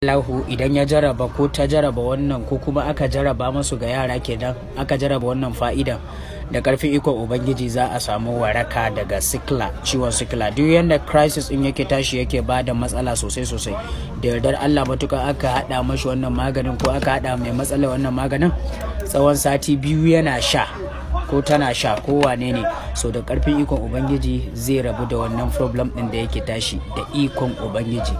Allahu idan ya jaraba ko ta jaraba wannan ko kuma aka jaraba masu ga yara kenan aka jaraba wannan fa'idan da karfin ikon ubangiji za a samu waraka daga sikla ciwon sikla duk yadda crisis in yake tashi yake ba da matsala sosai sosai da yardar Allah matuka aka hada mashi wannan maganin ko aka hada mai matsala wannan maganin tsawon sati biyu yana sha ko tana sha ko wane ne so da karfin ikon ubangiji zai rabu da wannan problem din da yake tashi da ikon ubangiji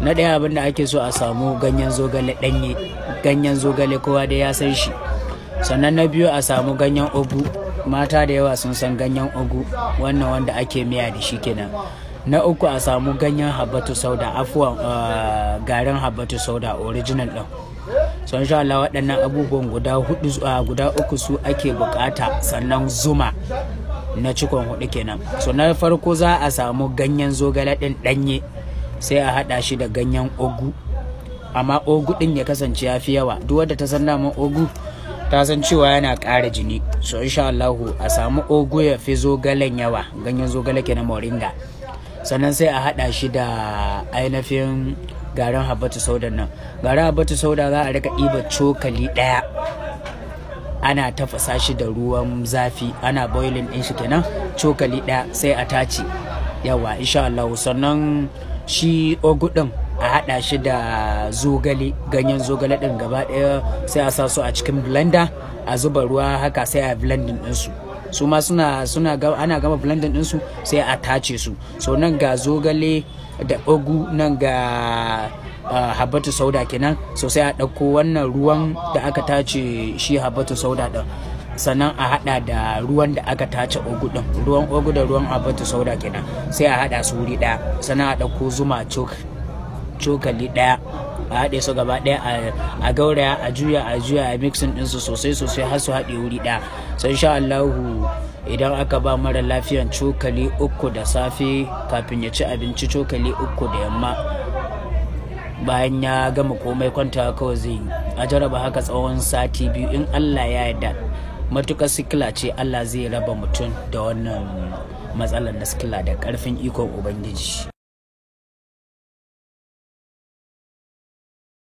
na ɗaya abin da ake so a samu ganyen zogale ɗanye ganyen zogale kowa da ya san shi sannan na biyu a samu ganyen ogu mata da yawa sun san ganyen ogu wannan wanda ake miya da shi kenan na uku a samu ganyen habatu sauda afuwan ah, garin habatu sauda original ɗin sun sha Allah waɗannan abubuwan guda ah, uku su ake bukata sannan zuma na cikon hudu kenan so farko za a samu ganyen zogale ɗin ɗanye sai a haɗa shi da ganyen ogu amma ogu ɗin ya kasance ya fi yawa duk wadda ta san naman ogu ta san cewa yana ƙara jini so insha Allah a samu ogu ya fi zogalen yawa ganyen zogale kenan moringa sannan sai a haɗa shi da ainihin garin habbatu saudan nan garin habbatu sauda za a rika ɗiba cokali ɗaya ana tafasa shi da ruwan zafi ana boiling ɗin shi kenan cokali ɗaya sai a tace yawa insha Allah sannan shi ogudin a hada shi da zogale ganyen zogale din gaba daya sai a sa su a cikin blender a zuba ruwa haka sai a blending din su su ma suna suna ana gama blending din su sai a tace su so nan ga zogale da ogu nan ga ah, habatu sauda kenan so sai a ɗauko wannan ruwan da aka tace shi habatu sauda ɗin sannan a hada da ruwan da aka tace ogu din ruwan ogu da ruwan abatu sauda kenan sai a hada su wuri daya sannan a dauko zuma cokali daya a haɗe su gaba ɗaya a gauraya a juya a juya a mixin ɗinsu sosai sosai har su haɗe wuri ɗaya sai sha Allah idan aka ba mara lafiyan cokali uku da safe kafin ya ci abinci cokali uku da yamma bayan ya gama komai kwanta kawai zai a jaraba haka tsawon sati biyu in Allah ya yarda matukar sikila ce allah zai raba mutum da wannan matsalar na sikila da karfin ikon ubangiji